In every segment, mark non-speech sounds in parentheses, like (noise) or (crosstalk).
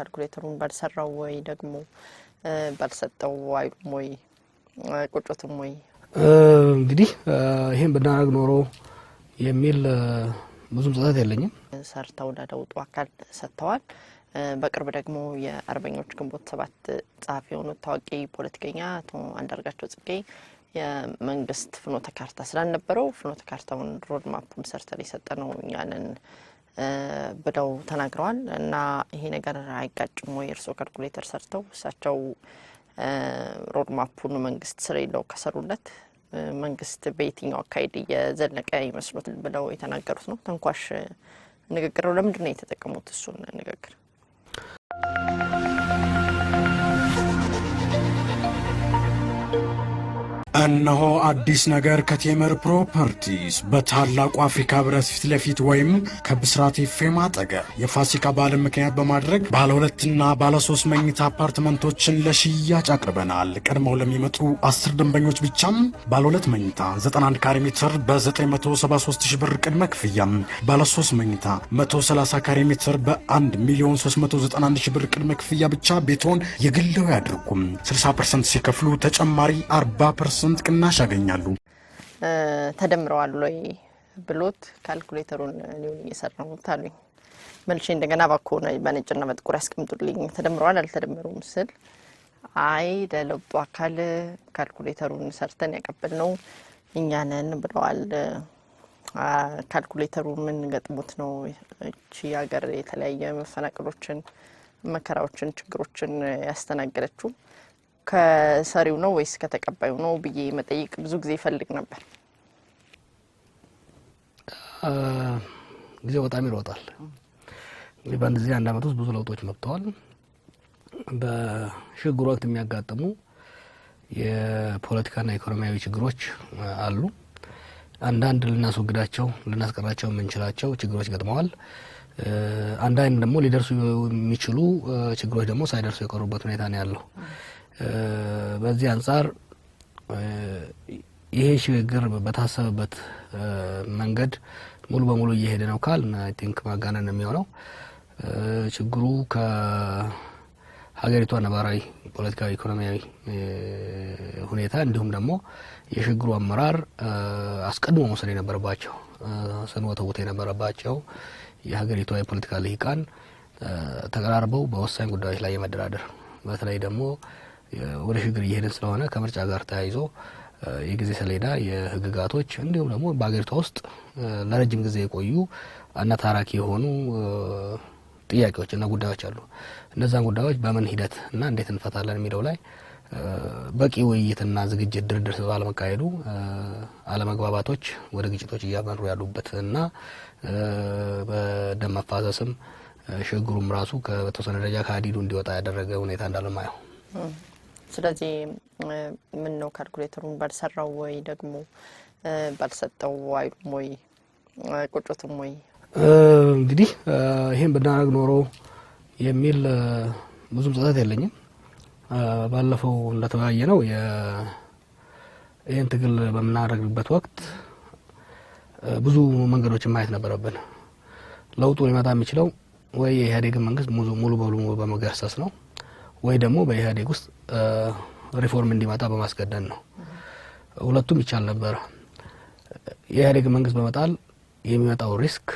ካልኩሌተሩን ባልሰራው ወይ ደግሞ ባልሰጠው አይሉም ወይ ቁጭትም ወይ እንግዲህ ይህን ብናደርግ ኖሮ የሚል ብዙም ጽጠት የለኝም። ሰርተው ለለውጡ አካል ሰጥተዋል። በቅርብ ደግሞ የአርበኞች ግንቦት ሰባት ጸሐፊ የሆኑት ታዋቂ ፖለቲከኛ አቶ አንዳርጋቸው ጽጌ የመንግስት ፍኖተ ካርታ ስላልነበረው ፍኖተ ካርታውን ሮድማፑን ሰርተን የሰጠ ነው እኛንን ብለው ተናግረዋል እና ይሄ ነገር አይጋጭም ወይ? እርስዎ ካልኩሌተር ሰርተው እሳቸው ሮድማፑን መንግስት ስር የለው ከሰሩለት መንግስት በየትኛው አካሄድ እየዘለቀ ይመስሉት ብለው የተናገሩት ነው። ተንኳሽ ንግግር ነው። ለምንድን ነው የተጠቀሙት እሱን ንግግር? እነሆ አዲስ ነገር ከቴምር ፕሮፐርቲስ በታላቁ አፍሪካ ህብረት ፊት ለፊት ወይም ከብስራት ኤፍኤም አጠገብ የፋሲካ በዓልን ምክንያት በማድረግ ባለ ሁለትና ባለ ሶስት መኝታ አፓርትመንቶችን ለሽያጭ አቅርበናል። ቀድመው ለሚመጡ አስር ደንበኞች ብቻም ባለ ሁለት መኝታ 91 ካሬ ሜትር በ973 ሺ ብር ቅድመ ክፍያ፣ ባለ ሶስት መኝታ 130 ካሬ ሜትር በ1 ሚሊዮን 391 ሺ ብር ቅድመ ክፍያ ብቻ ቤትዎን የግለው ያድርጉም። 60 ፐርሰንት ሲከፍሉ ተጨማሪ 40 ፐርሰንት ፐርሰንት ቅናሽ ያገኛሉ። ተደምረዋል ወይ ብሎት ካልኩሌተሩን ሊሆን ነው አሉኝ። መልሼ እንደገና እባክዎ በነጭና በጥቁር ያስቀምጡልኝ ተደምረዋል አልተደመሩም ስል አይ ለለውጡ አካል ካልኩሌተሩን ሰርተን ያቀብል ነው እኛንን ብለዋል። ካልኩሌተሩ ምን ገጥሞት ነው እቺ ሀገር የተለያየ መፈናቀሎችን፣ መከራዎችን፣ ችግሮችን ያስተናገደችው ከሰሪው ነው ወይስ ከተቀባዩ ነው ብዬ መጠየቅ ብዙ ጊዜ ይፈልግ ነበር። ጊዜው በጣም ይሮጣል። እንግዲህ በአንድ ጊዜ አንድ አመት ውስጥ ብዙ ለውጦች መጥተዋል። በሽግግሩ ወቅት የሚያጋጥሙ የፖለቲካና ኢኮኖሚያዊ ችግሮች አሉ። አንዳንድ ልናስወግዳቸው ልናስቀራቸው የምንችላቸው ችግሮች ገጥመዋል። አንዳንድ ደግሞ ሊደርሱ የሚችሉ ችግሮች ደግሞ ሳይደርሱ የቀሩበት ሁኔታ ነው ያለው። በዚህ አንጻር ይሄ ሽግግር በታሰበበት መንገድ ሙሉ በሙሉ እየሄደ ነው ካል አይ ቲንክ ማጋነን የሚሆነው። ችግሩ ከሀገሪቷ ነባራዊ ፖለቲካዊ፣ ኢኮኖሚያዊ ሁኔታ እንዲሁም ደግሞ የሽግሩ አመራር አስቀድሞ መውሰድ የነበረባቸው ስንወተውት የነበረባቸው የሀገሪቷ የፖለቲካ ልሂቃን ተቀራርበው በወሳኝ ጉዳዮች ላይ የመደራደር በተለይ ደግሞ ወደ ሽግግር እየሄድን ስለሆነ ከምርጫ ጋር ተያይዞ የጊዜ ሰሌዳ የህግጋቶች እንዲሁም ደግሞ በሀገሪቷ ውስጥ ለረጅም ጊዜ የቆዩ እና ታራኪ የሆኑ ጥያቄዎች እና ጉዳዮች አሉ። እነዛን ጉዳዮች በምን ሂደት እና እንዴት እንፈታለን የሚለው ላይ በቂ ውይይትና ዝግጅት ድርድር ባለመካሄዱ አለመግባባቶች ወደ ግጭቶች እያመሩ ያሉበት እና በደም መፋሰስም ሽግግሩም ራሱ በተወሰነ ደረጃ ከሀዲዱ እንዲወጣ ያደረገ ሁኔታ እንዳለ ማየው ስለዚህ ምን ነው ካልኩሌተሩን ባልሰራው ወይ ደግሞ ባልሰጠው አይሉም ወይ ቁጭትም ወይ እንግዲህ ይህን ብናረግ ኖሮ የሚል ብዙም ጸጸት የለኝም። ባለፈው እንደተወያየ ነው ይህን ትግል በምናደርግበት ወቅት ብዙ መንገዶችን ማየት ነበረብን። ለውጡ ሊመጣ የሚችለው ወይ የኢህአዴግን መንግስት ሙሉ በሙሉ በመገርሰስ ነው ወይ ደግሞ በኢህአዴግ ውስጥ ሪፎርም እንዲመጣ በማስገደድ ነው። ሁለቱም ይቻል ነበር። የኢህአዴግ መንግስት በመጣል የሚመጣው ሪስክ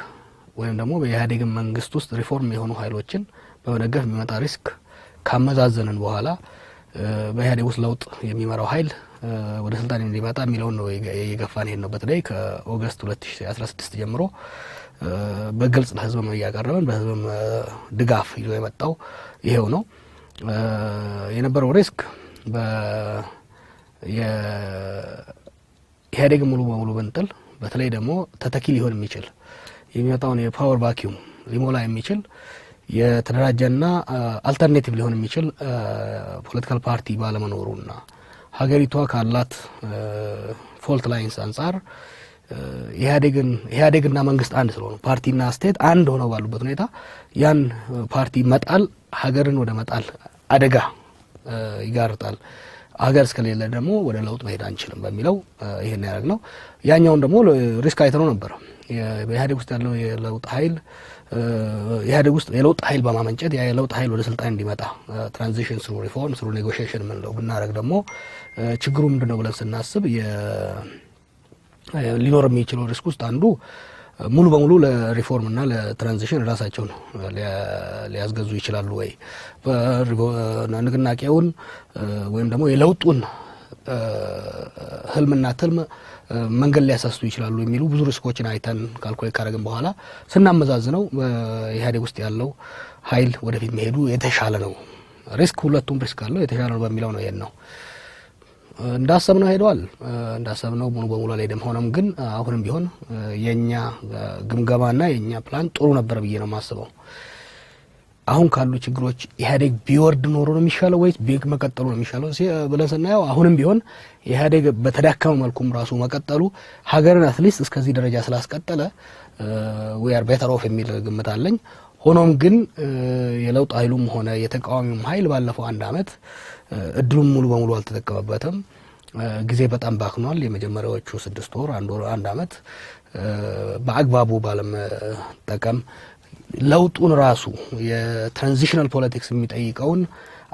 ወይም ደግሞ በኢህአዴግ መንግስት ውስጥ ሪፎርም የሆኑ ኃይሎችን በመደገፍ የሚመጣ ሪስክ ካመዛዘንን በኋላ በኢህአዴግ ውስጥ ለውጥ የሚመራው ኃይል ወደ ስልጣን እንዲመጣ የሚለውን ነው የገፋን ሄድ ነው። በተለይ ከኦገስት 2016 ጀምሮ በግልጽ ለህዝብም እያቀረብን በህዝብም ድጋፍ ይዞ የመጣው ይሄው ነው። የነበረው ሪስክ ኢህአዴግ ሙሉ በሙሉ ብንጥል በተለይ ደግሞ ተተኪ ሊሆን የሚችል የሚመጣውን የፓወር ቫኪዩም ሊሞላ የሚችል የተደራጀና አልተርኔቲቭ ሊሆን የሚችል ፖለቲካል ፓርቲ ባለመኖሩና ሀገሪቷ ካላት ፎልት ላይንስ አንጻር ኢህአዴግና መንግስት አንድ ስለሆኑ ፓርቲና ስቴት አንድ ሆነው ባሉበት ሁኔታ ያን ፓርቲ መጣል ሀገርን ወደ መጣል አደጋ ይጋርጣል። ሀገር እስከሌለ ደግሞ ወደ ለውጥ መሄድ አንችልም በሚለው ይህን ያደረግ ነው። ያኛውን ደግሞ ሪስክ አይተነው ነበር። በኢህአዴግ ውስጥ ያለው የለውጥ ኃይል ኢህአዴግ ውስጥ የለውጥ ኃይል በማመንጨት ያ የለውጥ ኃይል ወደ ስልጣን እንዲመጣ ትራንዚሽን ስሩ ሪፎርም ስሩ ኔጎሽሽን የምንለው ብናደረግ ደግሞ ችግሩ ምንድን ነው ብለን ስናስብ ሊኖር የሚችለው ሪስክ ውስጥ አንዱ ሙሉ በሙሉ ለሪፎርም እና ለትራንዚሽን ራሳቸውን ሊያስገዙ ይችላሉ ወይ? ንቅናቄውን ወይም ደግሞ የለውጡን ህልምና ትልም መንገድ ሊያሳስቱ ይችላሉ የሚሉ ብዙ ሪስኮችን አይተን ካልኩሌት ካደረግን በኋላ ስናመዛዝነው ኢህአዴግ ውስጥ ያለው ኃይል ወደፊት መሄዱ የተሻለ ነው። ሪስክ ሁለቱም ሪስክ አለው፣ የተሻለ ነው በሚለው ነው ይሄን ነው እንዳሰብነው ሄደዋል። እንዳሰብነው ሙሉ በሙሉ አልሄደም። ሆኖም ግን አሁንም ቢሆን የእኛ ግምገማና የእኛ ፕላን ጥሩ ነበር ብዬ ነው የማስበው። አሁን ካሉ ችግሮች ኢህአዴግ ቢወርድ ኖሮ ነው የሚሻለው ወይስ ቤግ መቀጠሉ ነው የሚሻለው ብለን ስናየው አሁንም ቢሆን ኢህአዴግ በተዳከመ መልኩም ራሱ መቀጠሉ ሀገርን አትሊስት እስከዚህ ደረጃ ስላስቀጠለ ዌር ቤተር ኦፍ የሚል ግምት አለኝ። ሆኖም ግን የለውጥ ኃይሉም ሆነ የተቃዋሚውም ኃይል ባለፈው አንድ አመት እድሉን ሙሉ በሙሉ አልተጠቀመበትም። ጊዜ በጣም ባክኗል። የመጀመሪያዎቹ ስድስት ወር አንድ ወር አንድ አመት በአግባቡ ባለመጠቀም ለውጡን ራሱ የትራንዚሽናል ፖለቲክስ የሚጠይቀውን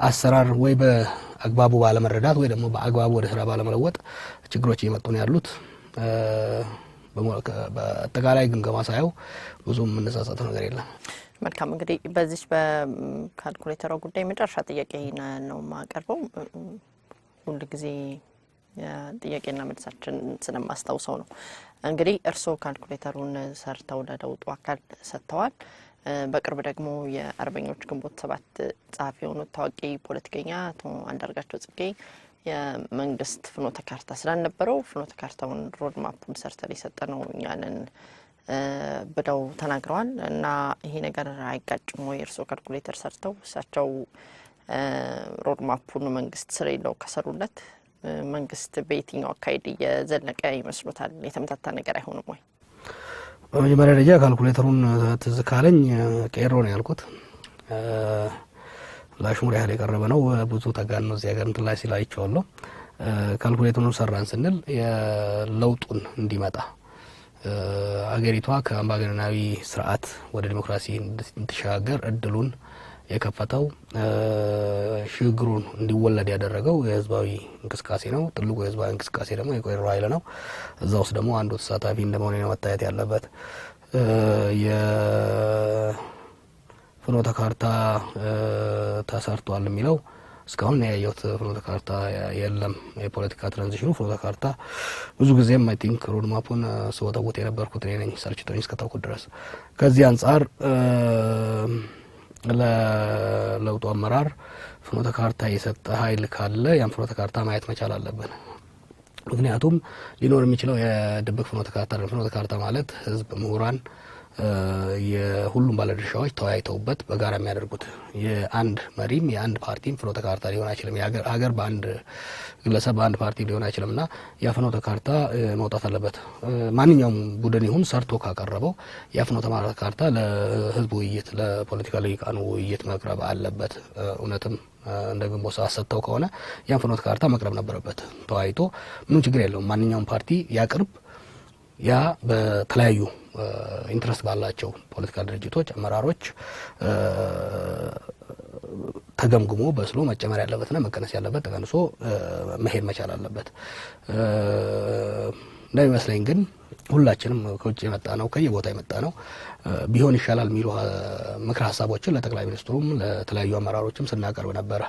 አሰራር ወይ በአግባቡ ባለመረዳት ወይ ደግሞ በአግባቡ ወደ ስራ ባለመለወጥ ችግሮች እየመጡ ነው ያሉት። በአጠቃላይ ግምገማ ሳየው ብዙም የምንጸጸት ነገር የለም። መልካም እንግዲህ በዚች በካልኩሌተሯ ጉዳይ መጨረሻ ጥያቄ ነው የማቀርበው። ጊዜ ጥያቄና መልሳችን ስለማስታውሰው ነው። እንግዲህ እርስዎ ካልኩሌተሩን ሰርተው ለለውጡ አካል ሰጥተዋል። በቅርብ ደግሞ የአርበኞች ግንቦት ሰባት ጸሐፊ የሆኑት ታዋቂ ፖለቲከኛ አቶ አንዳርጋቸው ጽጌ የመንግስት ፍኖተ ካርታ ስላልነበረው ፍኖተ ካርታውን ሮድማፑን ሰርተ የሰጠ ነው እኛንን ብለው ተናግረዋል እና ይሄ ነገር አይጋጭም ወይ? እርስዎ ካልኩሌተር ሰርተው እሳቸው ሮድማፑን መንግስት ስር የለው ከሰሩለት መንግስት በየትኛው አካሄድ እየዘለቀ ይመስሎታል? የተመታታ ነገር አይሆንም ወይ? በመጀመሪያ ደረጃ ካልኩሌተሩን ትዝ ካለኝ ቄሮ ነው ያልኩት። ለአሽሙር ያህል የቀረበ ነው። ብዙ ተጋን ነው እዚያ ሀገር እንትን ላይ ሲል አይቼዋለሁ። ካልኩሌተሩን ሰራን ስንል የለውጡን እንዲመጣ አገሪቷ ከአምባገነናዊ ስርዓት ወደ ዲሞክራሲ እንድትሸጋገር እድሉን የከፈተው ሽግግሩን እንዲወለድ ያደረገው የህዝባዊ እንቅስቃሴ ነው። ትልቁ የህዝባዊ እንቅስቃሴ ደግሞ የቆሮ ኃይል ነው። እዛ ውስጥ ደግሞ አንዱ ተሳታፊ እንደመሆኔ ነው መታየት ያለበት። የፍኖተ ካርታ ተሰርቷል የሚለው እስካሁን ያየሁት ፍኖተ ካርታ የለም። የፖለቲካ ትራንዚሽኑ ፍኖተ ካርታ ብዙ ጊዜም አይ ቲንክ ሮድ ማፑን ስወተውት የነበርኩት እኔ ነኝ ሰልችቶኝ እስከታውኩት ድረስ። ከዚህ አንጻር ለለውጡ አመራር ፍኖተ ካርታ የሰጠ ኃይል ካለ ያን ፍኖተ ካርታ ማየት መቻል አለብን። ምክንያቱም ሊኖር የሚችለው የድብቅ ፍኖተ ካርታ ፍኖተ ካርታ ማለት ህዝብ፣ ምሁራን የሁሉም ባለድርሻዎች ተወያይተውበት በጋራ የሚያደርጉት የአንድ መሪም የአንድ ፓርቲም ፍኖተ ካርታ ሊሆን አይችልም። ሀገር በአንድ ግለሰብ በአንድ ፓርቲ ሊሆን አይችልም እና ያ ፍኖተ ካርታ መውጣት አለበት። ማንኛውም ቡድን ይሁን ሰርቶ ካቀረበው ያ ፍኖተ ካርታ ለህዝብ ውይይት፣ ለፖለቲካ ልሂቃኑ ውይይት መቅረብ አለበት። እውነትም እንደ ግንቦት ሰባት ሰጥተው ከሆነ ያን ፍኖተ ካርታ መቅረብ ነበረበት። ተወያይቶ ምንም ችግር የለውም። ማንኛውም ፓርቲ ያቅርብ ያ በተለያዩ ኢንትረስት ባላቸው ፖለቲካል ድርጅቶች አመራሮች ተገምግሞ በስሎ መጨመር ያለበትና መቀነስ ያለበት ተቀንሶ መሄድ መቻል አለበት። እንደሚመስለኝ ግን ሁላችንም ከውጭ የመጣ ነው ከየቦታ የመጣ ነው ቢሆን ይሻላል የሚሉ ምክር ሀሳቦችን ለጠቅላይ ሚኒስትሩም ለተለያዩ አመራሮችም ስናቀርብ ነበረ።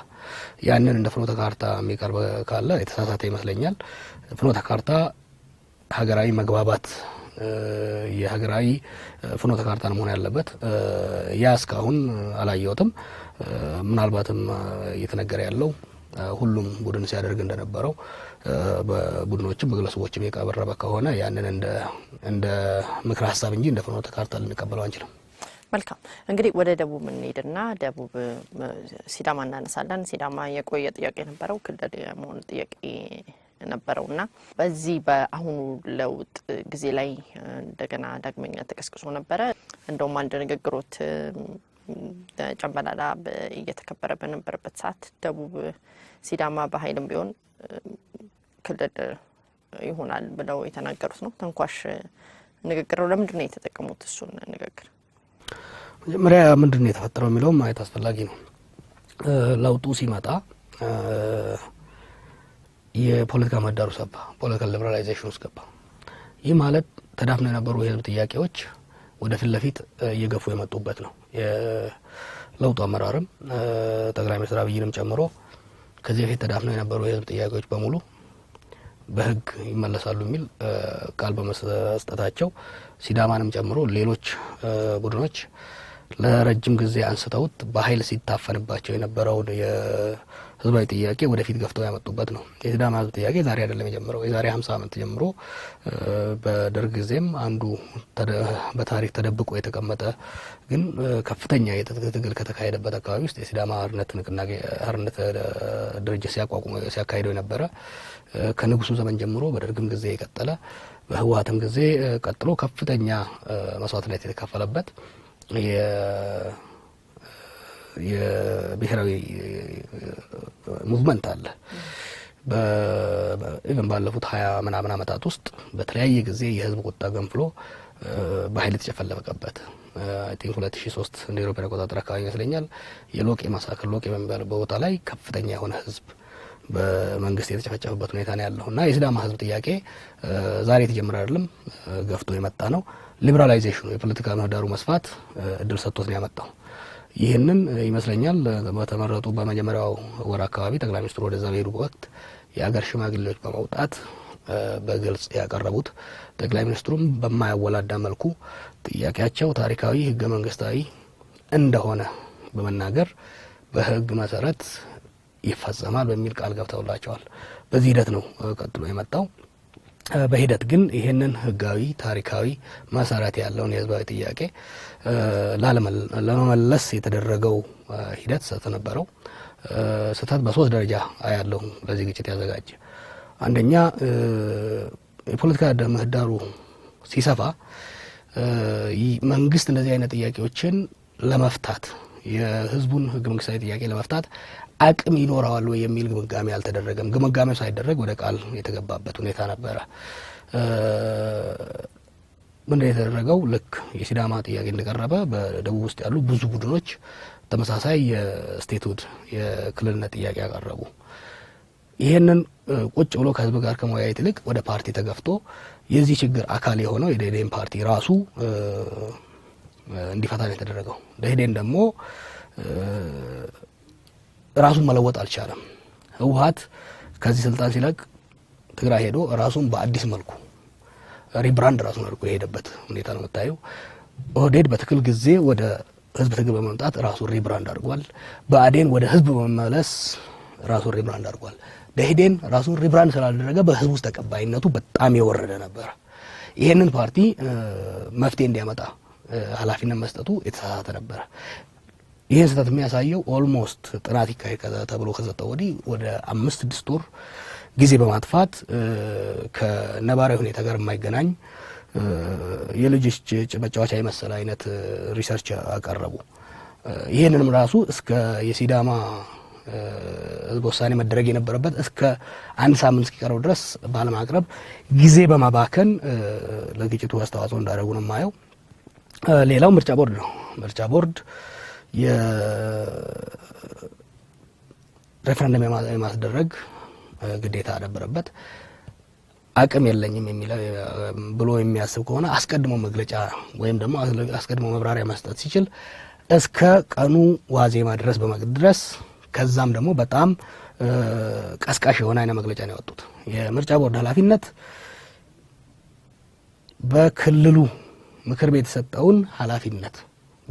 ያንን እንደ ፍኖተ ካርታ የሚቀርብ ካለ የተሳሳተ ይመስለኛል። ፍኖተ ካርታ ሀገራዊ መግባባት የሀገራዊ ፍኖተ ካርታ መሆን ያለበት። ያ እስካሁን አላየሁትም። ምናልባትም እየተነገረ ያለው ሁሉም ቡድን ሲያደርግ እንደነበረው በቡድኖችም በግለሰቦችም የቀበረበ ከሆነ ያንን እንደ ምክር ሀሳብ እንጂ እንደ ፍኖተ ካርታ ልንቀበለው አንችልም። መልካም እንግዲህ ወደ ደቡብ እንሄድና ደቡብ ሲዳማ እናነሳለን። ሲዳማ የቆየ ጥያቄ የነበረው ክልል የመሆኑ ጥያቄ ነበረውና እና በዚህ በአሁኑ ለውጥ ጊዜ ላይ እንደገና ዳግመኛ ተቀስቅሶ ነበረ። እንደውም አንድ ንግግሮት ጨምበላላ እየተከበረ በነበረበት ሰዓት ደቡብ ሲዳማ በኃይልም ቢሆን ክልል ይሆናል ብለው የተናገሩት ነው። ተንኳሽ ንግግር ነው። ለምንድን ነው የተጠቀሙት እሱን ንግግር? መጀመሪያ ምንድን ነው የተፈጠረው የሚለውም ማየት አስፈላጊ ነው። ለውጡ ሲመጣ የፖለቲካ መዳሩ ሰፋ፣ ፖለቲካል ሊበራላይዜሽን ውስጥ ገባ። ይህ ማለት ተዳፍነው የነበሩ የህዝብ ጥያቄዎች ወደ ፊት ለፊት እየገፉ የመጡበት ነው። የለውጡ አመራርም ጠቅላይ ሚኒስትር አብይንም ጨምሮ ከዚህ በፊት ተዳፍነው የነበሩ የህዝብ ጥያቄዎች በሙሉ በህግ ይመለሳሉ የሚል ቃል በመስጠታቸው ሲዳማንም ጨምሮ ሌሎች ቡድኖች ለረጅም ጊዜ አንስተውት በኃይል ሲታፈንባቸው የነበረውን ህዝባዊ ጥያቄ ወደፊት ገፍተው ያመጡበት ነው። የሲዳማ ህዝብ ጥያቄ ዛሬ አይደለም የጀመረው። የዛሬ ሀምሳ ዓመት ጀምሮ በደርግ ጊዜም አንዱ በታሪክ ተደብቆ የተቀመጠ ግን ከፍተኛ ትግል ከተካሄደበት አካባቢ ውስጥ የሲዳማ አርነት ንቅናቄ አርነት ድርጅት ሲያቋቁሙ ሲያካሂደው የነበረ ከንጉሱ ዘመን ጀምሮ በደርግም ጊዜ የቀጠለ በህወሀትም ጊዜ ቀጥሎ ከፍተኛ መስዋዕትነት የተከፈለበት የብሔራዊ ሙቭመንት አለ። ኢቨን ባለፉት ሀያ ምናምን ዓመታት ውስጥ በተለያየ ጊዜ የህዝብ ቁጣ ገንፍሎ በኃይል የተጨፈለቀበት አይ ቲንክ ሁለት ሺ ሶስት እንደ ኢሮፓን አቆጣጠር አካባቢ ይመስለኛል የሎቄ ማሳክል ሎቄ በሚባል ቦታ ላይ ከፍተኛ የሆነ ህዝብ በመንግስት የተጨፈጨፈበት ሁኔታ ነው ያለው እና የሲዳማ ህዝብ ጥያቄ ዛሬ የተጀመረ አይደለም፣ ገፍቶ የመጣ ነው። ሊበራላይዜሽኑ የፖለቲካ ምህዳሩ መስፋት እድል ሰጥቶት ነው ያመጣው። ይህንን ይመስለኛል በተመረጡ በመጀመሪያው ወር አካባቢ ጠቅላይ ሚኒስትሩ ወደዛ በሄዱ ወቅት የአገር ሽማግሌዎች በመውጣት በግልጽ ያቀረቡት ጠቅላይ ሚኒስትሩም በማያወላዳ መልኩ ጥያቄያቸው ታሪካዊ ህገ መንግስታዊ እንደሆነ በመናገር በህግ መሰረት ይፈጸማል በሚል ቃል ገብተውላቸዋል። በዚህ ሂደት ነው ቀጥሎ የመጣው። በሂደት ግን ይህንን ህጋዊ ታሪካዊ መሰረት ያለውን የህዝባዊ ጥያቄ ለመመለስ የተደረገው ሂደት ስህተት ነበረው። ስህተት በሶስት ደረጃ አያለሁ ለዚህ ግጭት ያዘጋጀ። አንደኛ የፖለቲካ ምህዳሩ ሲሰፋ መንግስት እንደዚህ አይነት ጥያቄዎችን ለመፍታት የህዝቡን ህገ መንግስታዊ ጥያቄ ለመፍታት አቅም ይኖረዋል ወይ የሚል ግምጋሜ አልተደረገም። ግምጋሜው ሳይደረግ ወደ ቃል የተገባበት ሁኔታ ነበረ። ምንድን የተደረገው ልክ የሲዳማ ጥያቄ እንደቀረበ በደቡብ ውስጥ ያሉ ብዙ ቡድኖች ተመሳሳይ የስቴትሁድ የክልልነት ጥያቄ አቀረቡ። ይህንን ቁጭ ብሎ ከህዝብ ጋር ከመወያየት ይልቅ ወደ ፓርቲ ተገፍቶ የዚህ ችግር አካል የሆነው የደኢህዴን ፓርቲ ራሱ እንዲፈታ ነው የተደረገው። ደኢህዴን ደግሞ ራሱን መለወጥ አልቻለም። ህወሀት ከዚህ ስልጣን ሲለቅ ትግራይ ሄዶ ራሱን በአዲስ መልኩ ሪብራንድ ራሱን አድርጎ የሄደበት ሁኔታ ነው የምታየው። ኦህዴድ በትክል ጊዜ ወደ ህዝብ ትግል በመምጣት ራሱ ሪብራንድ አድርጓል። በአዴን ወደ ህዝብ በመመለስ ራሱን ሪብራንድ አድርጓል። ደሂዴን ራሱን ሪብራንድ ስላደረገ በህዝብ ውስጥ ተቀባይነቱ በጣም የወረደ ነበረ። ይህንን ፓርቲ መፍትሄ እንዲያመጣ ኃላፊነት መስጠቱ የተሳሳተ ነበረ። ይህን ስህተት የሚያሳየው ኦልሞስት ጥናት ተብሎ ከሰጠው ወዲህ ወደ አምስት ስድስት ወር ጊዜ በማጥፋት ከነባራዊ ሁኔታ ጋር የማይገናኝ የልጆች መጫወቻ የመሰለ አይነት ሪሰርች አቀረቡ። ይህንንም ራሱ እስከ የሲዳማ ህዝበ ውሳኔ መደረግ የነበረበት እስከ አንድ ሳምንት እስኪቀረው ድረስ ባለማቅረብ ጊዜ በማባከን ለግጭቱ አስተዋጽኦ እንዳደረጉ ነው የማየው። ሌላው ምርጫ ቦርድ ነው። ምርጫ ቦርድ የሬፈረንደም የማስደረግ ግዴታ ነበረበት። አቅም የለኝም የሚለው ብሎ የሚያስብ ከሆነ አስቀድሞ መግለጫ ወይም ደግሞ አስቀድሞ መብራሪያ መስጠት ሲችል እስከ ቀኑ ዋዜማ ድረስ በመድረስ ከዛም ደግሞ በጣም ቀስቃሽ የሆነ አይነ መግለጫ ነው ያወጡት። የምርጫ ቦርድ ኃላፊነት በክልሉ ምክር ቤት የተሰጠውን ኃላፊነት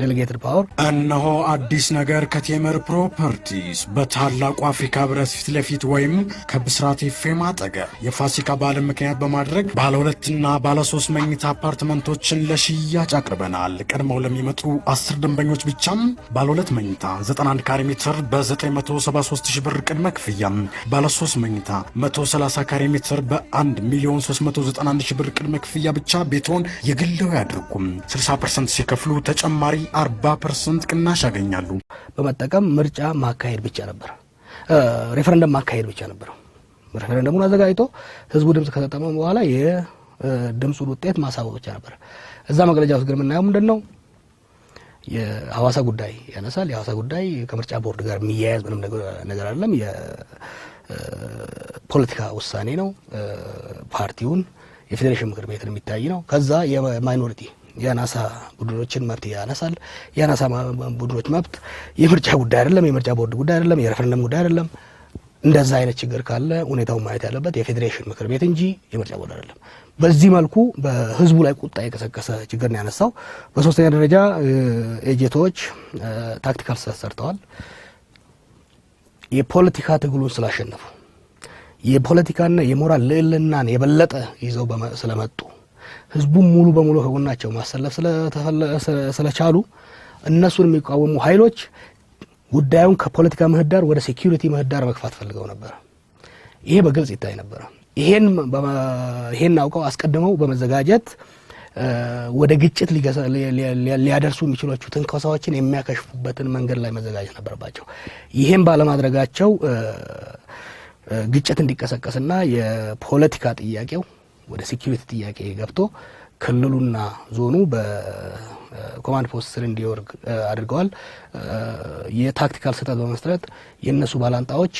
ዴሌጌትድ ፓወር እነሆ አዲስ ነገር ከቴምር ፕሮፐርቲስ በታላቁ አፍሪካ ህብረት ፊት ለፊት ወይም ከብስራት ኤፍኤም አጠገብ የፋሲካ በዓልን ምክንያት በማድረግ ባለ ሁለትና ባለ ሶስት መኝታ አፓርትመንቶችን ለሽያጭ አቅርበናል። ቀድመው ለሚመጡ አስር ደንበኞች ብቻም ባለ ሁለት መኝታ 91 ካሬ ሜትር በ973 ሺህ ብር ቅድመ ክፍያ፣ ባለ ሶስት መኝታ 130 ካሬ ሜትር በ1 ሚሊዮን 391 ሺህ ብር ቅድመ ክፍያ ብቻ ቤትዎን የግለው ያድርጉም። 60 ፐርሰንት ሲከፍሉ ተጨማሪ 40 ፐርሰንት ቅናሽ ያገኛሉ። በመጠቀም ምርጫ ማካሄድ ብቻ ነበር፣ ሬፈረንደም ማካሄድ ብቻ ነበር። ሬፈረንደሙን አዘጋጅቶ ህዝቡ ድምፅ ከሰጠመ በኋላ የድምፁን ውጤት ማሳወቅ ብቻ ነበር። እዛ መግለጫ ውስጥ ግን የምናየው ምንድን ነው? የሐዋሳ ጉዳይ ያነሳል። የሐዋሳ ጉዳይ ከምርጫ ቦርድ ጋር የሚያያዝ ምንም ነገር አይደለም። የፖለቲካ ውሳኔ ነው። ፓርቲውን የፌዴሬሽን ምክር ቤትን የሚታይ ነው። ከዛ የማይኖሪቲ የአናሳ ቡድኖችን መብት ያነሳል። የአናሳ ቡድኖች መብት የምርጫ ጉዳይ አይደለም፣ የምርጫ ቦርድ ጉዳይ አይደለም፣ የረፈረንደም ጉዳይ አይደለም። እንደዛ አይነት ችግር ካለ ሁኔታውን ማየት ያለበት የፌዴሬሽን ምክር ቤት እንጂ የምርጫ ቦርድ አይደለም። በዚህ መልኩ በህዝቡ ላይ ቁጣ የቀሰቀሰ ችግር ነው ያነሳው። በሶስተኛ ደረጃ ኤጀቶች ታክቲካል ስህተት ሰርተዋል። የፖለቲካ ትግሉን ስላሸነፉ የፖለቲካና የሞራል ልዕልናን የበለጠ ይዘው ስለመጡ ህዝቡን ሙሉ በሙሉ ከጎናቸው ማሰለፍ ስለቻሉ እነሱን የሚቃወሙ ኃይሎች ጉዳዩን ከፖለቲካ ምህዳር ወደ ሴኪሪቲ ምህዳር መግፋት ፈልገው ነበር። ይሄ በግልጽ ይታይ ነበረ። ይሄን አውቀው አስቀድመው በመዘጋጀት ወደ ግጭት ሊያደርሱ የሚችሏቸው ትንኮሳዎችን የሚያከሽፉበትን መንገድ ላይ መዘጋጀት ነበረባቸው። ይሄን ባለማድረጋቸው ግጭት እንዲቀሰቀስና የፖለቲካ ጥያቄው ወደ ሴኪሪቲ ጥያቄ ገብቶ ክልሉና ዞኑ በኮማንድ ፖስት ስር እንዲወርግ አድርገዋል። የታክቲካል ስህተት በመስጠት የእነሱ ባላንጣዎች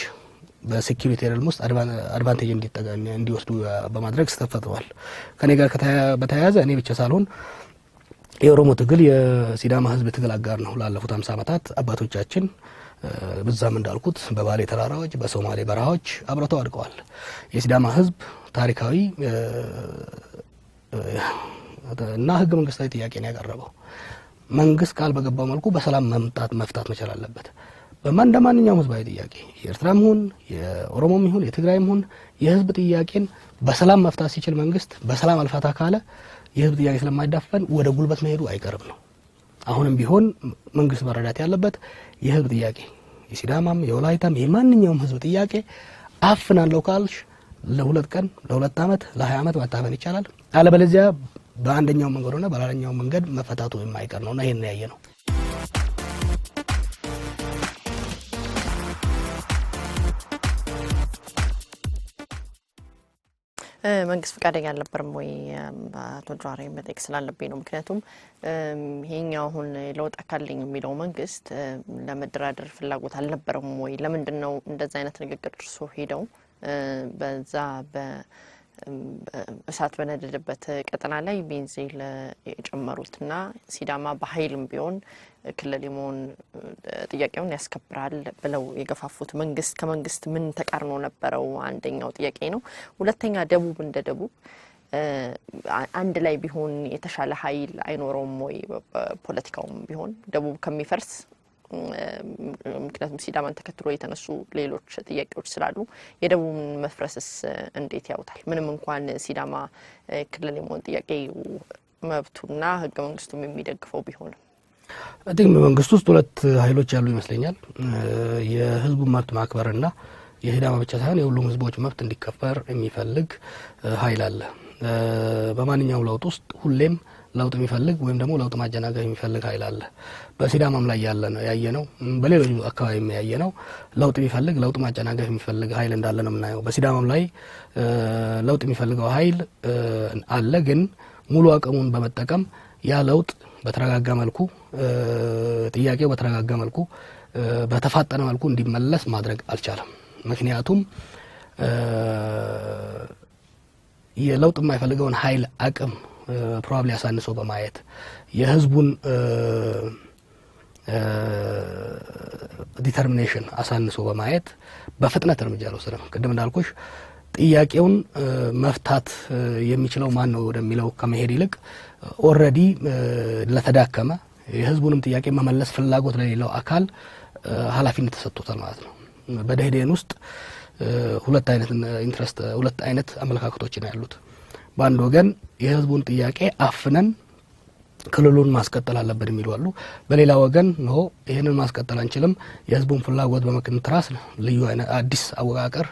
በሴኪሪቲ ሪልም ውስጥ አድቫንቴጅ እንዲወስዱ በማድረግ ስህተት ፈጥረዋል። ከኔ ጋር በተያያዘ እኔ ብቻ ሳልሆን የኦሮሞ ትግል የሲዳማ ህዝብ ትግል አጋር ነው። ላለፉት ሀምሳ ዓመታት አባቶቻችን በዛም እንዳልኩት በባሌ ተራራዎች፣ በሶማሌ በረሃዎች አብረተው አድቀዋል። የሲዳማ ህዝብ ታሪካዊ እና ህገ መንግስታዊ ጥያቄ ነው ያቀረበው። መንግስት ቃል በገባው መልኩ በሰላም መምጣት መፍታት መቻል አለበት። በማን ማንኛውም ህዝባዊ ጥያቄ የኤርትራም ይሁን የኦሮሞም ይሁን የትግራይም ይሁን የህዝብ ጥያቄን በሰላም መፍታት ሲችል መንግስት በሰላም አልፋታ ካለ የህዝብ ጥያቄ ስለማይዳፈን ወደ ጉልበት መሄዱ አይቀርም ነው። አሁንም ቢሆን መንግስት መረዳት ያለበት የህዝብ ጥያቄ የሲዳማም የወላይታም የማንኛውም ህዝብ ጥያቄ አፍናለሁ ካልሽ ለሁለት ቀን ለሁለት ዓመት ለሀያ ዓመት መታፈን ይቻላል። አለበለዚያ በአንደኛው መንገድ ሆነ በሌላኛው መንገድ መፈታቱ የማይቀር ነውና ይሄን ያየ ነው። መንግስት ፈቃደኛ አልነበርም ወይ? አቶ ጃዋር መጠየቅ ስላለብኝ ነው። ምክንያቱም ይሄኛው አሁን ለውጥ አካልኝ የሚለው መንግስት ለመደራደር ፍላጎት አልነበረም ወይ? ለምንድን ነው እንደዛ አይነት ንግግር ድርሶ ሄደው በዛ እሳት በነደደበት ቀጠና ላይ ቤንዚል የጨመሩትና ሲዳማ በኃይልም ቢሆን ክልል የመሆን ጥያቄውን ያስከብራል ብለው የገፋፉት መንግስት ከመንግስት ምን ተቃርኖ ነበረው? አንደኛው ጥያቄ ነው። ሁለተኛ ደቡብ እንደ ደቡብ አንድ ላይ ቢሆን የተሻለ ኃይል አይኖረውም ወይ? ፖለቲካውም ቢሆን ደቡብ ከሚፈርስ ምክንያቱም ሲዳማን ተከትሎ የተነሱ ሌሎች ጥያቄዎች ስላሉ የደቡብን መፍረስስ እንዴት ያውታል? ምንም እንኳን ሲዳማ ክልል የመሆን ጥያቄ መብቱና ህገ መንግስቱም የሚደግፈው ቢሆንም እንግዲህ በመንግስቱ ውስጥ ሁለት ኃይሎች ያሉ ይመስለኛል። የህዝቡን መብት ማክበርና የሲዳማ ብቻ ሳይሆን የሁሉም ህዝቦች መብት እንዲከበር የሚፈልግ ኃይል አለ። በማንኛውም ለውጥ ውስጥ ሁሌም ለውጥ የሚፈልግ ወይም ደግሞ ለውጥ ማጀናገር የሚፈልግ ኃይል አለ። በሲዳማም ላይ ያየ ነው፣ በሌሎች አካባቢም ያየ ነው። ለውጥ የሚፈልግ ለውጥ ማጨናገፍ የሚፈልግ ኃይል እንዳለ ነው የምናየው። በሲዳማም ላይ ለውጥ የሚፈልገው ኃይል አለ። ግን ሙሉ አቅሙን በመጠቀም ያ ለውጥ በተረጋጋ መልኩ ጥያቄው በተረጋጋ መልኩ በተፋጠነ መልኩ እንዲመለስ ማድረግ አልቻለም። ምክንያቱም የለውጥ የማይፈልገውን ኃይል አቅም ፕሮባብሊ አሳንሶ በማየት የህዝቡን ዲተርሚኔሽን አሳንሶ በማየት በፍጥነት እርምጃ አልወሰደም። ቅድም እንዳልኩሽ ጥያቄውን መፍታት የሚችለው ማን ነው ወደሚለው ከመሄድ ይልቅ ኦልሬዲ ለተዳከመ የህዝቡንም ጥያቄ መመለስ ፍላጎት ለሌለው አካል ኃላፊነት ተሰጥቶታል ማለት ነው። በደህዴን ውስጥ ሁለት አይነት ኢንትረስት ሁለት አይነት አመለካከቶች ነው ያሉት። በአንድ ወገን የህዝቡን ጥያቄ አፍነን ክልሉን ማስቀጠል አለብን የሚሉ አሉ። በሌላ ወገን ኖ ይህንን ማስቀጠል አንችልም፣ የህዝቡን ፍላጎት በመክንትራስ ልዩ አዲስ አወቃቀር፣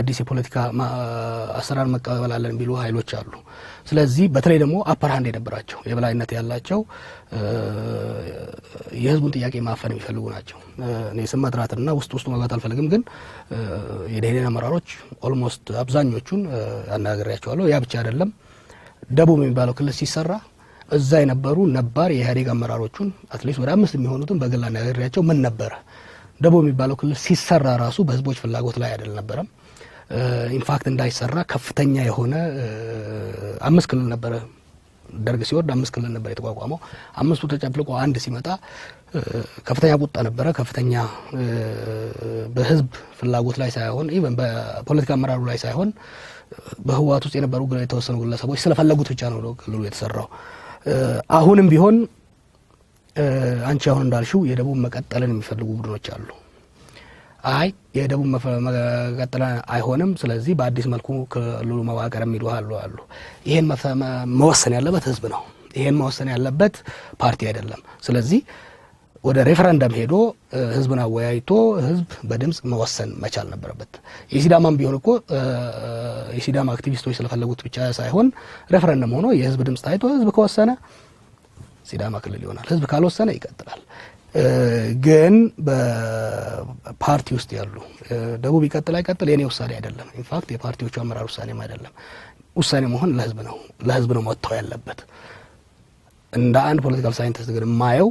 አዲስ የፖለቲካ አሰራር መቀበላለን የሚሉ ሀይሎች አሉ። ስለዚህ በተለይ ደግሞ አፐርሃንድ የነበራቸው የበላይነት ያላቸው የህዝቡን ጥያቄ ማፈን የሚፈልጉ ናቸው። እኔ ስም መጥራትና ውስጥ ውስጡ መግባት አልፈልግም፣ ግን የደኢህዴን አመራሮች ኦልሞስት አብዛኞቹን አነጋግሬያቸዋለሁ። ያ ብቻ አይደለም። ደቡብ የሚባለው ክልል ሲሰራ እዛ የነበሩ ነባር የኢህአዴግ አመራሮቹን አትሊስት ወደ አምስት የሚሆኑትን በግል አነጋግሬያቸው ምን ነበረ ደቡብ የሚባለው ክልል ሲሰራ ራሱ በህዝቦች ፍላጎት ላይ አይደል ነበረም ኢንፋክት እንዳይሰራ ከፍተኛ የሆነ አምስት ክልል ነበረ ደርግ ሲወርድ አምስት ክልል ነበር የተቋቋመው። አምስቱ ተጨፍልቆ አንድ ሲመጣ ከፍተኛ ቁጣ ነበረ። ከፍተኛ በህዝብ ፍላጎት ላይ ሳይሆን ኢቨን በፖለቲካ አመራሩ ላይ ሳይሆን በህወሓት ውስጥ የነበሩ የተወሰኑ ግለሰቦች ስለፈለጉት ብቻ ነው ክልሉ የተሰራው። አሁንም ቢሆን አንቺ አሁን እንዳልሽው የደቡብ መቀጠልን የሚፈልጉ ቡድኖች አሉ። አይ የደቡብ መቀጠል አይሆንም፣ ስለዚህ በአዲስ መልኩ ክልሉ መዋቅር የሚሉ አሉ አሉ። ይህን መወሰን ያለበት ህዝብ ነው። ይህን መወሰን ያለበት ፓርቲ አይደለም። ስለዚህ ወደ ሬፈረንደም ሄዶ ህዝብን አወያይቶ ህዝብ በድምፅ መወሰን መቻል ነበረበት። የሲዳማም ቢሆን እኮ የሲዳማ አክቲቪስቶች ስለፈለጉት ብቻ ሳይሆን ሬፈረንደም ሆኖ የህዝብ ድምፅ ታይቶ ህዝብ ከወሰነ ሲዳማ ክልል ይሆናል። ህዝብ ካልወሰነ ይቀጥላል። ግን በፓርቲ ውስጥ ያሉ ደቡብ ይቀጥል አይቀጥል የኔ ውሳኔ አይደለም። ኢንፋክት የፓርቲዎቹ አመራር ውሳኔም አይደለም። ውሳኔ መሆን ለህዝብ ነው፣ ለህዝብ ነው መጥተው ያለበት። እንደ አንድ ፖለቲካል ሳይንቲስት ግን የማየው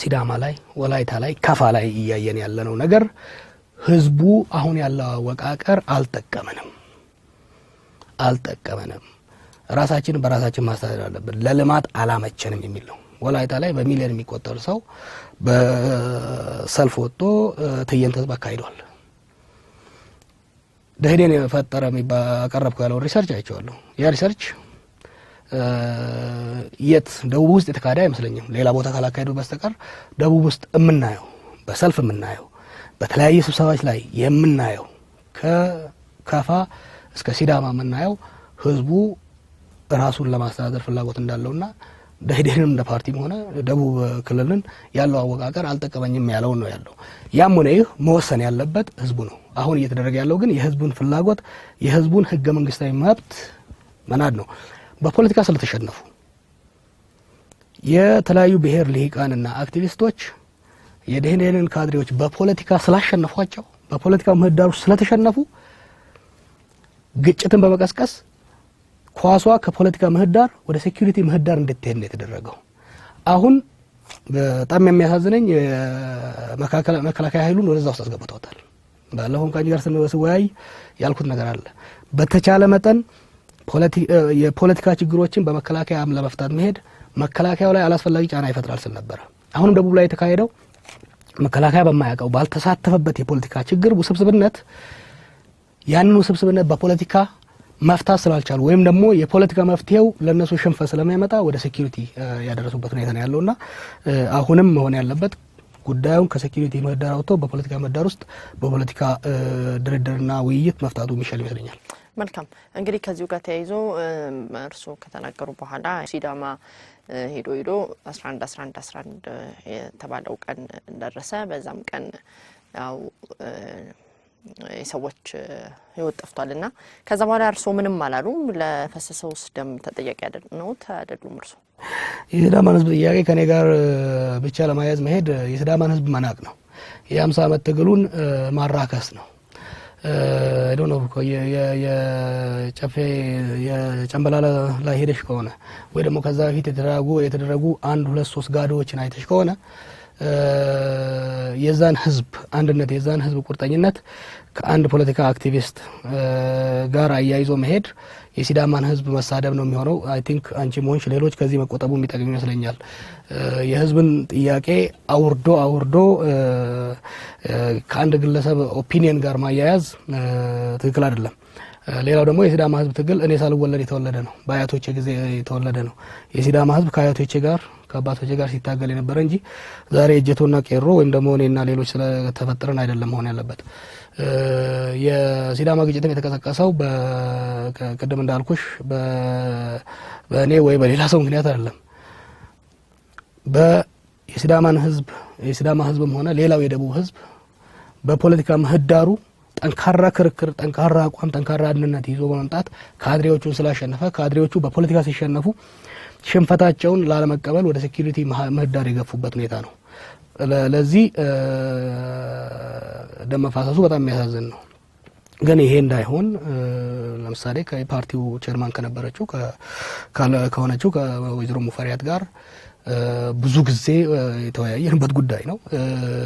ሲዳማ ላይ፣ ወላይታ ላይ፣ ከፋ ላይ እያየን ያለነው ነገር ህዝቡ አሁን ያለው አወቃቀር አልጠቀመንም አልጠቀመንም። ራሳችን በራሳችን ማስተዳደር አለብን፣ ለልማት አላመቸንም የሚል ነው። ወላይታ ላይ በሚሊዮን የሚቆጠር ሰው በሰልፍ ወጥቶ ትዕይንተ ህዝብ አካሂዷል። ደህዴን የፈጠረ ቀረብኩ ያለውን ሪሰርች አይቼዋለሁ። ያ ሪሰርች የት ደቡብ ውስጥ የተካሄደ አይመስለኝም። ሌላ ቦታ ካላካሄዱ በስተቀር ደቡብ ውስጥ የምናየው በሰልፍ የምናየው በተለያዩ ስብሰባዎች ላይ የምናየው ከከፋ እስከ ሲዳማ የምናየው ህዝቡ ራሱን ለማስተዳደር ፍላጎት እንዳለውና ደኢህዴንም እንደ ፓርቲም ሆነ ደቡብ ክልልን ያለው አወቃቀር አልጠቀመኝም ያለውን ነው ያለው። ያም ሆነ ይህ መወሰን ያለበት ህዝቡ ነው። አሁን እየተደረገ ያለው ግን የህዝቡን ፍላጎት የህዝቡን ህገ መንግስታዊ መብት መናድ ነው። በፖለቲካ ስለተሸነፉ የተለያዩ ብሔር ልሂቃንና አክቲቪስቶች የደኢህዴንን ካድሬዎች በፖለቲካ ስላሸነፏቸው በፖለቲካ ምህዳሩ ስለተሸነፉ ግጭትን በመቀስቀስ ኳሷ ከፖለቲካ ምህዳር ወደ ሴኩሪቲ ምህዳር እንድትሄድ ነው የተደረገው። አሁን በጣም የሚያሳዝነኝ መከላከያ ኃይሉን ወደዛ ውስጥ አስገብተውታል። ባለፈው ከአንቺ ጋር ስወያይ ያልኩት ነገር አለ። በተቻለ መጠን የፖለቲካ ችግሮችን በመከላከያ ለመፍታት መሄድ መከላከያው ላይ አላስፈላጊ ጫና ይፈጥራል ስል ነበረ። አሁንም ደቡብ ላይ የተካሄደው መከላከያ በማያውቀው ባልተሳተፈበት የፖለቲካ ችግር ውስብስብነት ያንን ውስብስብነት በፖለቲካ መፍታት ስላልቻሉ ወይም ደግሞ የፖለቲካ መፍትሄው ለእነሱ ሽንፈት ስለሚያመጣ ወደ ሴኪሪቲ ያደረሱበት ሁኔታ ነው ያለውና አሁንም መሆን ያለበት ጉዳዩን ከሴኪሪቲ ምህዳር አውጥቶ በፖለቲካ ምህዳር ውስጥ በፖለቲካ ድርድርና ውይይት መፍታቱ የሚሻል ይመስለኛል። መልካም እንግዲህ ከዚሁ ጋር ተያይዞ እርስዎ ከተናገሩ በኋላ ሲዳማ ሄዶ ሄዶ 11 11 11 የተባለው ቀን ደረሰ። በዛም ቀን ያው የሰዎች ህይወት ጠፍቷል እና ከዛ በኋላ እርስዎ ምንም አላሉም። ለፈሰሰው ደም ተጠያቂ ነው አይደሉም? እርስዎ የሲዳማን ህዝብ ጥያቄ ከኔ ጋር ብቻ ለማያዝ መሄድ የሲዳማን ህዝብ መናቅ ነው። የአምሳ ዓመት ትግሉን ማራከስ ነው። ነው የጨፌ የጨንበላላ ላይ ሄደሽ ከሆነ ወይ ደግሞ ከዛ በፊት የተደረጉ የተደረጉ አንድ ሁለት ሶስት ጋዶዎችን አይተሽ ከሆነ የዛን ህዝብ አንድነት የዛን ህዝብ ቁርጠኝነት ከአንድ ፖለቲካ አክቲቪስት ጋር አያይዞ መሄድ የሲዳማን ህዝብ መሳደብ ነው የሚሆነው። አይ ቲንክ አንቺ መሆንሽ ሌሎች ከዚህ መቆጠቡ የሚጠቅም ይመስለኛል። የህዝብን ጥያቄ አውርዶ አውርዶ ከአንድ ግለሰብ ኦፒኒየን ጋር ማያያዝ ትክክል አይደለም። ሌላው ደግሞ የሲዳማ ህዝብ ትግል እኔ ሳልወለድ የተወለደ ነው፣ በአያቶቼ ጊዜ የተወለደ ነው። የሲዳማ ህዝብ ከአያቶቼ ጋር ከአባቶች ጋር ሲታገል የነበረ እንጂ ዛሬ እጀቶና ቄሮ ወይም ደግሞ እኔና ሌሎች ስለተፈጠረን አይደለም መሆን ያለበት። የሲዳማ ግጭትም የተቀሰቀሰው ቅድም እንዳልኩሽ በእኔ ወይ በሌላ ሰው ምክንያት አይደለም። የሲዳማን ህዝብ የሲዳማ ህዝብም ሆነ ሌላው የደቡብ ህዝብ በፖለቲካ ምህዳሩ ጠንካራ ክርክር፣ ጠንካራ አቋም፣ ጠንካራ አንድነት ይዞ በመምጣት ካድሬዎቹን ስላሸነፈ ካድሬዎቹ በፖለቲካ ሲሸነፉ ሽንፈታቸውን ላለመቀበል ወደ ሴኪሪቲ ምህዳር የገፉበት ሁኔታ ነው። ለዚህ ደም መፋሰሱ በጣም የሚያሳዝን ነው። ግን ይሄ እንዳይሆን ለምሳሌ ከፓርቲው ቼርማን ከነበረችው ከሆነችው ከወይዘሮ ሙፈሪያት ጋር ብዙ ጊዜ የተወያየንበት ጉዳይ ነው።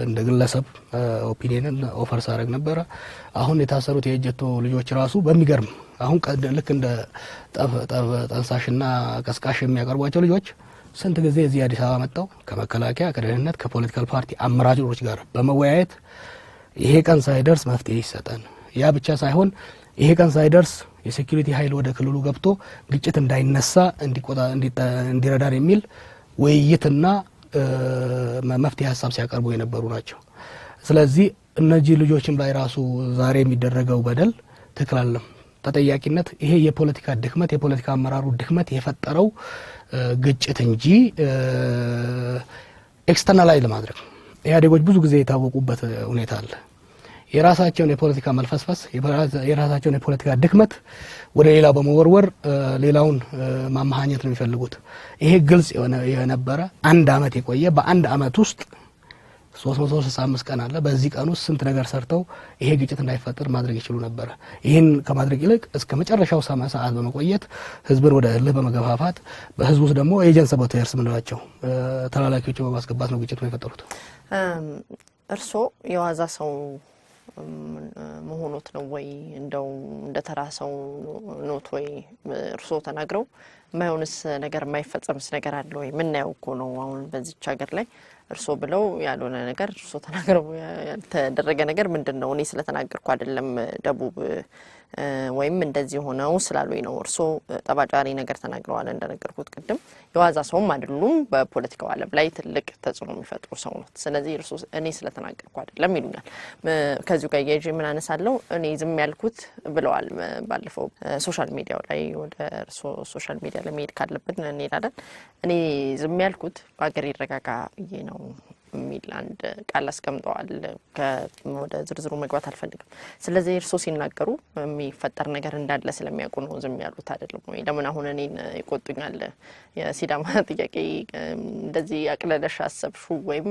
እንደ ግለሰብ ኦፒኒየንን ኦፈር ሳረግ ነበረ። አሁን የታሰሩት የእጀቶ ልጆች ራሱ በሚገርም አሁን ልክ እንደ ጠንሳሽና ቀስቃሽ የሚያቀርቧቸው ልጆች ስንት ጊዜ እዚህ አዲስ አበባ መጣው ከመከላከያ ከደህንነት፣ ከፖለቲካል ፓርቲ አመራሮች ጋር በመወያየት ይሄ ቀን ሳይደርስ መፍትሄ ይሰጠን፣ ያ ብቻ ሳይሆን ይሄ ቀን ሳይደርስ የሴኩሪቲ ኃይል ወደ ክልሉ ገብቶ ግጭት እንዳይነሳ እንዲረዳን የሚል ውይይትና መፍትሄ ሀሳብ ሲያቀርቡ የነበሩ ናቸው። ስለዚህ እነዚህ ልጆችም ላይ ራሱ ዛሬ የሚደረገው በደል ትክክል አለም ተጠያቂነት ይሄ የፖለቲካ ድክመት የፖለቲካ አመራሩ ድክመት የፈጠረው ግጭት እንጂ ኤክስተርናላይዝ ለማድረግ ኢህአዴጎች ብዙ ጊዜ የታወቁበት ሁኔታ አለ። የራሳቸውን የፖለቲካ መልፈስፈስ የራሳቸውን የፖለቲካ ድክመት ወደ ሌላው በመወርወር ሌላውን ማመሃኘት ነው የሚፈልጉት። ይሄ ግልጽ የነበረ አንድ አመት የቆየ በአንድ አመት ውስጥ 365 ቀን አለ። በዚህ ቀን ውስጥ ስንት ነገር ሰርተው ይሄ ግጭት እንዳይፈጠር ማድረግ ይችሉ ነበረ። ይህን ከማድረግ ይልቅ እስከ መጨረሻው ሰዓት በመቆየት ህዝብን ወደ እልህ በመገፋፋት በህዝብ ውስጥ ደግሞ ኤጀንት ሰቦተርስ ምንላቸው ተላላኪዎችን በማስገባት ነው ግጭት ነው የፈጠሩት። እርስዎ የዋዛ ሰው መሆኖት ነው ወይ እንደው እንደ ተራ ሰው ኖት ወይ እርስዎ ተናግረው የማይሆንስ ነገር የማይፈጸምስ ነገር አለ ወይ? የምናየው እኮ ነው አሁን በዚች ሀገር ላይ እርሶ ብለው ያልሆነ ነገር እርሶ ተናግረው ያልተደረገ ነገር ምንድን ነው? እኔ ስለተናገርኩ አይደለም ደቡብ ወይም እንደዚህ ሆነው ስላሉኝ ነው። እርሶ ጠባጫሪ ነገር ተናግረዋል። እንደነገርኩት ቅድም የዋዛ ሰውም አይደሉም። በፖለቲካው ዓለም ላይ ትልቅ ተጽዕኖ የሚፈጥሩ ሰው ነው። ስለዚህ እርሶ እኔ ስለተናገርኩ አይደለም ይሉኛል። ከዚሁ ጋር እያይዤ ምን አነሳለው እኔ ዝም ያልኩት ብለዋል። ባለፈው ሶሻል ሚዲያው ላይ ወደ እርሶ ሶሻል ሚዲያ ለመሄድ ካለብን እንሄዳለን። እኔ ዝም ያልኩት በሀገር ይረጋጋ ብዬ ነው የሚል አንድ ቃል አስቀምጠዋል። ወደ ዝርዝሩ መግባት አልፈልግም። ስለዚህ እርስዎ ሲናገሩ የሚፈጠር ነገር እንዳለ ስለሚያውቁ ነው ዝም ያሉት አይደለም ወይ? ለምን አሁን እኔን ይቆጡኛል? የሲዳማ (laughs) ጥያቄ እንደዚህ አቅለለሽ አሰብሹ ወይም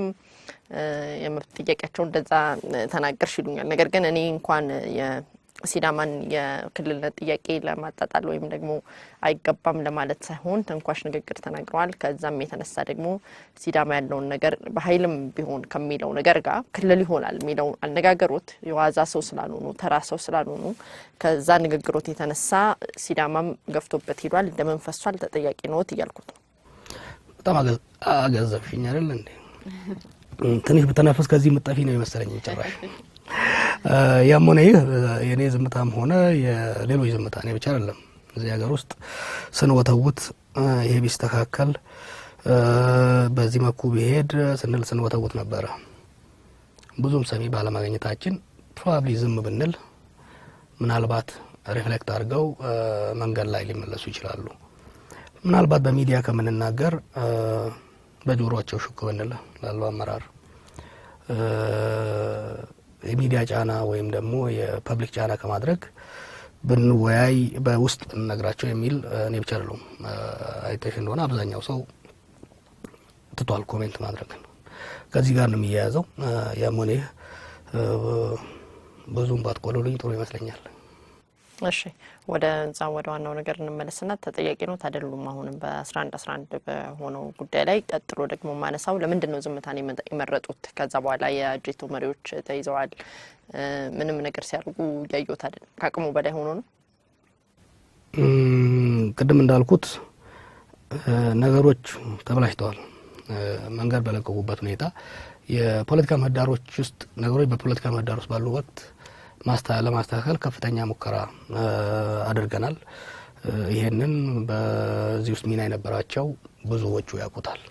የመብት ጥያቄያቸው እንደዛ ተናገርሽ ይሉኛል። ነገር ግን እኔ እንኳን ሲዳማን የክልልነት ጥያቄ ለማጣጣል ወይም ደግሞ አይገባም ለማለት ሳይሆን ተንኳሽ ንግግር ተናግረዋል። ከዛም የተነሳ ደግሞ ሲዳማ ያለውን ነገር በኃይልም ቢሆን ከሚለው ነገር ጋር ክልል ይሆናል የሚለው አነጋገሮት የዋዛ ሰው ስላልሆኑ ተራ ሰው ስላልሆኑ ከዛ ንግግሮት የተነሳ ሲዳማም ገፍቶበት ሄዷል። እንደመንፈሷል ተጠያቂ ነዎት እያልኩት ነው። በጣም አገዘብሽኝ አይደል እንዴ? ትንሽ ብተነፍስ ከዚህ ምጠፊ ነው የመሰለኝ ጭራሽ ያም ሆነ ይህ የእኔ ዝምታም ሆነ የሌሎች ዝምታ እኔ ብቻ አይደለም። እዚህ ሀገር ውስጥ ስንወተውት ይሄ ቢስተካከል በዚህ መኩ ቢሄድ ስንል ስንወተውት ነበረ። ብዙም ሰሚ ባለማግኘታችን ፕሮባብሊ ዝም ብንል ምናልባት ሪፍሌክት አድርገው መንገድ ላይ ሊመለሱ ይችላሉ። ምናልባት በሚዲያ ከምንናገር በጆሮቸው ሹክ ብንል ላለው አመራር የሚዲያ ጫና ወይም ደግሞ የፐብሊክ ጫና ከማድረግ ብንወያይ በውስጥ ብንነግራቸው የሚል እኔ ብቻ አይደለሁም። አይተሽ እንደሆነ አብዛኛው ሰው ትቷል ኮሜንት ማድረግ ነው። ከዚህ ጋር ነው የሚያያዘው። ያም ሆነ ይህ ብዙም ባትቆለሉኝ ጥሩ ይመስለኛል። እሺ ወደ ዛ ወደ ዋናው ነገር እንመለስና ተጠያቂ ነው አይደሉም። አሁንም በ አስራ 11 በሆነው ጉዳይ ላይ ቀጥሎ ደግሞ ማነሳው ለምንድን ነው ዝምታን የመረጡት? ከዛ በኋላ የጄቶ መሪዎች ተይዘዋል። ምንም ነገር ሲያደርጉ እያየሁት አይደለም። ከአቅሙ በላይ ሆኖ ነው። ቅድም እንዳልኩት ነገሮች ተበላሽተዋል። መንገድ በለቀቁበት ሁኔታ የፖለቲካ ምህዳሮች ውስጥ ነገሮች በፖለቲካ ምህዳር ውስጥ ባሉ ወቅት ለማስተካከል ከፍተኛ ሙከራ አድርገናል። ይህንን በዚህ ውስጥ ሚና የነበራቸው ብዙዎቹ ያውቁታል።